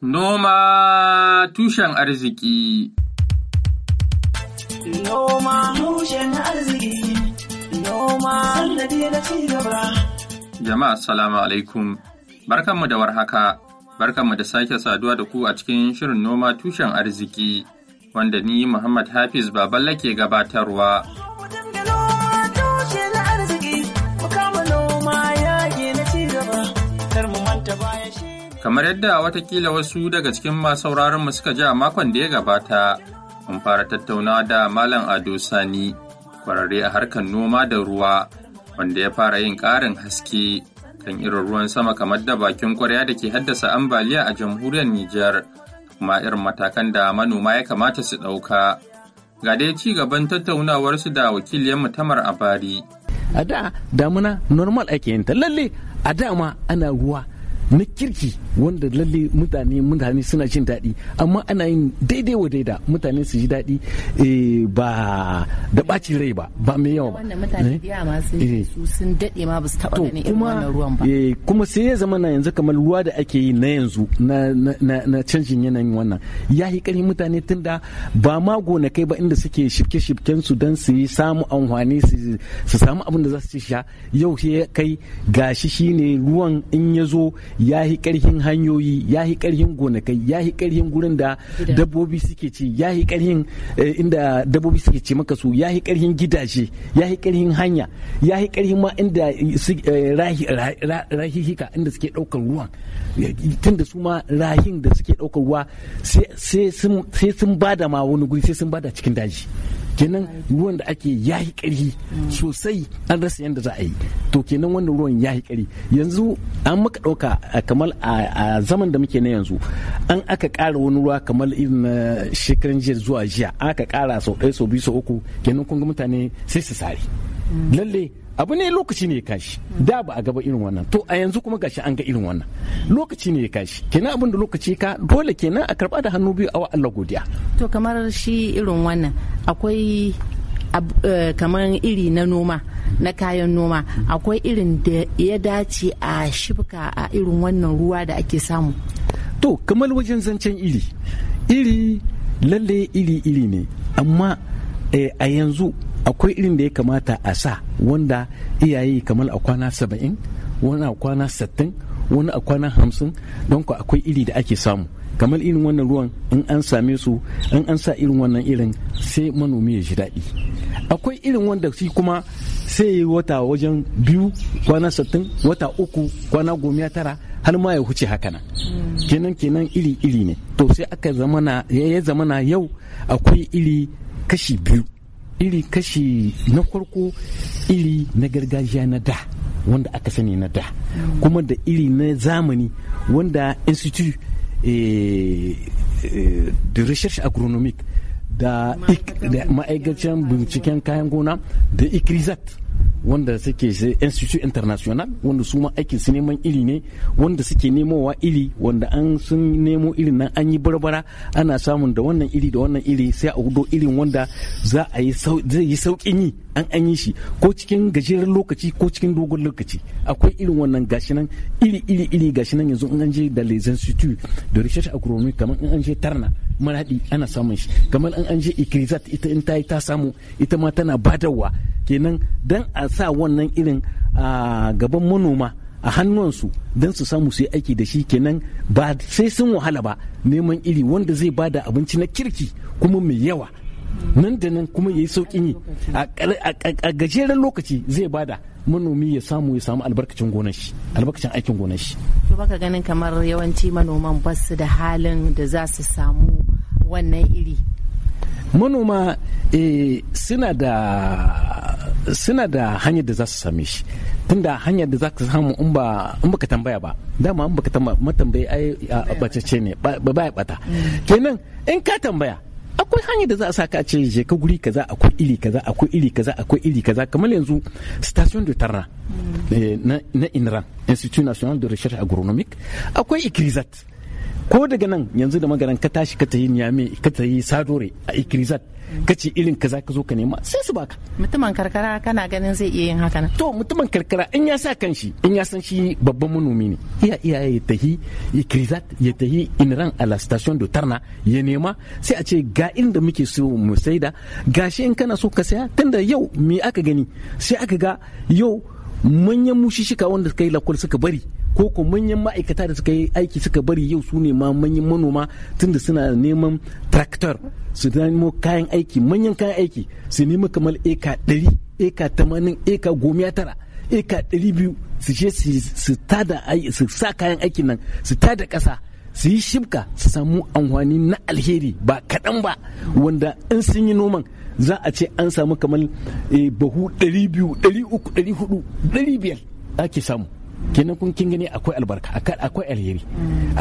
Noma tushen arziki Noma tushen arziki Noma sannadi na gaba Jama'a salamu alaikum barkanmu da warhaka barkanmu da sake saduwa da ku a cikin shirin noma tushen arziki wanda ni Muhammad Hafiz Baballa ke gabatarwa. Kamar yadda watakila wasu daga cikin masu mu suka ji a makon da ya gabata, mun fara tattaunawa da Malam Ado Sani, kwararre a harkar noma da ruwa, wanda ya fara yin ƙarin haske kan irin ruwan sama kamar da bakin kwarya da ke haddasa ambaliya a jamhuriyar Nijar, kuma irin matakan da manoma ya kamata su ɗauka. Ga dai ci gaban tattaunawarsu da wakiliyar mutamar a bari. A da damuna normal ake yin ta lalle a dama ana ruwa na kirki wanda lalle mutane mutane suna jin daɗi amma ana yin daidai wa daida mutane su ji daɗi eh, ba da ɓacin rai ba ba mai yawa ba eh, kuma sai ya zama na yanzu kamar ruwa da ake yi na yanzu na canjin yanayin wannan ya yi ƙarfin mutane tunda ba ma gona kai ba inda suke shifke-shifken su don su yi samu amfani su samu abin da za su ci sha yau sai kai gashi shine ruwan in ya zo ya yi karhin hanyoyi ya yi karhin gonakai ya yi karhin gurin da dabbobi suke ci ya yi karhin eh, inda dabbobi suke ci maka su ya yi karhin gidaje ya yi karhin hanya ya yi karhin ma inda eh, rahihika inda suke daukar ruwan tun su ma rahin da suke daukar ruwa sai sun bada ma wani guri sai sun bada cikin daji kenan ruwan da ake yayi karhi mm. sosai an rasa yadda za a yi to kenan wannan ruwan ya yi kari yanzu an maka ɗauka kamar a zaman da muke na yanzu an aka ƙara wani ruwa kamar irin na shekaran jiya zuwa jiya an aka ƙara sau ɗaya sau biyu sau uku kenan kun ga mutane sai su sare lalle abu ne lokaci ne ya kashi da ba a gaba irin wannan to a yanzu kuma gashi an ga irin wannan lokaci ne ya kashi kenan abin da lokaci ka dole kenan a karba da hannu biyu a wa Allah godiya to kamar shi irin wannan akwai Eh, kamar iri na noma na kayan noma akwai irin da ya dace a shibka a irin wannan ruwa da ake samu to kamar wajen zancen iri iri lalle iri iri ne amma eh, a yanzu akwai irin da ya kamata a sa wanda iyaye kamar a kwana saba'in wani a kwana sattin wani a kwana hamsin don ku akwai iri da ake samu kamar irin wannan ruwan in an same su in an sa irin wannan irin sai manomi ya ji daɗi akwai irin wanda shi kuma sai yi wata wajen biyu kwana sattin wata uku kwana goma tara har ma ya huce haka nan kenan kenan iri iri ne to sai aka zamana ya zamana yau akwai iri kashi biyu iri kashi na farko iri na gargajiya na da wanda aka sani na da kuma da iri na zamani wanda institute eh, eh, de recherche agronomique da ma'aikacin binciken kayan gona da ikrizat wanda suke institute international wanda su ma aikin su neman iri ne wanda suke nemowa iri wanda an sun nemo irin nan an yi barbara ana samun da wannan iri da wannan iri sai a hudo irin wanda za a yi zai yi saukin yi an an yi shi ko cikin gajeren lokaci ko cikin dogon lokaci akwai irin wannan gashi nan iri iri iri gashi nan yanzu in an je da les instituts de recherche agronomique kamar in an je tarna maradi ana samun shi kamar an an je ikrizat ita in ta yi ta samu ita ma tana badawa kenan dan a sa wannan irin a gaban manoma a hannuwansu don su samu su yi aiki da shi kenan ba sai sun wahala ba neman iri wanda zai bada abinci na kirki kuma mai yawa nan da nan kuma ya yi sauƙin yi a gajeren lokaci zai bada manomi ya samu ya samu albarkacin gonar shi albarkacin aikin gonar shi to baka ganin kamar yawanci manoman ba da halin da za su samu wannan iri manoma e, suna da suna da hanyar da za su same shi tunda hanyar da za ka samu in ba baka tambaya ba dama in baka tambaya matambayi ai bacece ne ba ya bata mm. kenan in ka tambaya akwai hanyar da za a sa ka ce je ka guri kaza akwai iri kaza akwai iri kaza akwai iri kaza kamar yanzu station de tarra mm. eh, na inran institut national de recherche agronomique akwai ikrizat ko daga nan yanzu da magaran ka tashi ka tayi niyame ka tayi sadore a ikirizat ka ce irin ka za ka zo ka nema sai su baka mutumin karkara kana ganin zai iya yin haka to mutumin karkara in ya sa kan shi in ya san shi babban manomi ne iya iya ya tahi ikirizat ya tahi inran a la station de tarna ya nema sai a ce ga inda muke so mu saida gashi in kana so ka saya tunda yau me aka gani sai aka ga yau manyan mushishika wanda kai yi lakwal suka bari ko ko manyan ma'aikata da suka yi aiki suka bari yau su ne ma manyan manoma tunda suna neman tractor su nemo kayan aiki manyan kayan aiki su nemi kamar eka ɗari eka tamanin eka 19 eka biyu su je su tada su sa kayan aikin nan su tada ƙasa su yi shimka su samu amfani na alheri ba kaɗan ba wanda in sun yi noman za a ce an samu kamar bahu 200 300 400 biyar ake samu kenan kun kin gani akwai albarka akwai alheri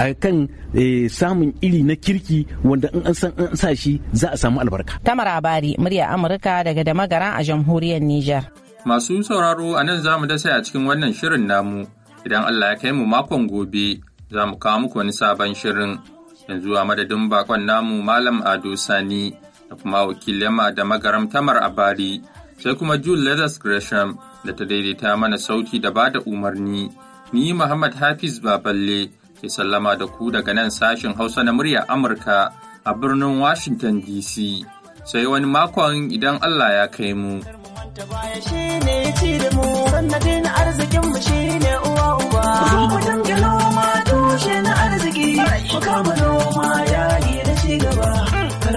a kan eh, samun iri na kirki wanda in an san an sa shi za a samu albarka tamara bari murya amurka daga da magara a jamhuriyar niger masu sauraro a nan zamu dasa a cikin wannan shirin namu idan Allah ya kai mu makon gobe za mu kawo muku wani sabon shirin yanzu a madadin bakon namu malam ado sani da kuma wakilin da magaram tamar abari sai kuma Jules Leathers Gresham da ta daidaita mana sauti da ba da umarni. Ni Muhammad Hafiz Baballe ke sallama da ku daga nan sashin Hausa na murya Amurka a birnin Washington DC. Sai wani makon idan Allah ya kai mu.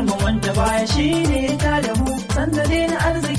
mu, shine ta da mu sandare na arziki